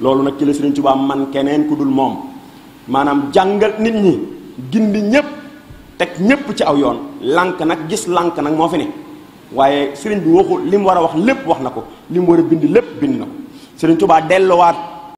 loolu nag ci la Sëriñ Tuubaa man keneen ku dul moom maanaam jàngal nit ñi gind ñépp teg ñépp ci aw yoon lànk nag gis lànk nag moo fi ne waaye sëriñ bi waxu li mu war a wax lépp wax na ko li mu war a bind lépp bind na ko Sëriñ Tuubaa delluwaat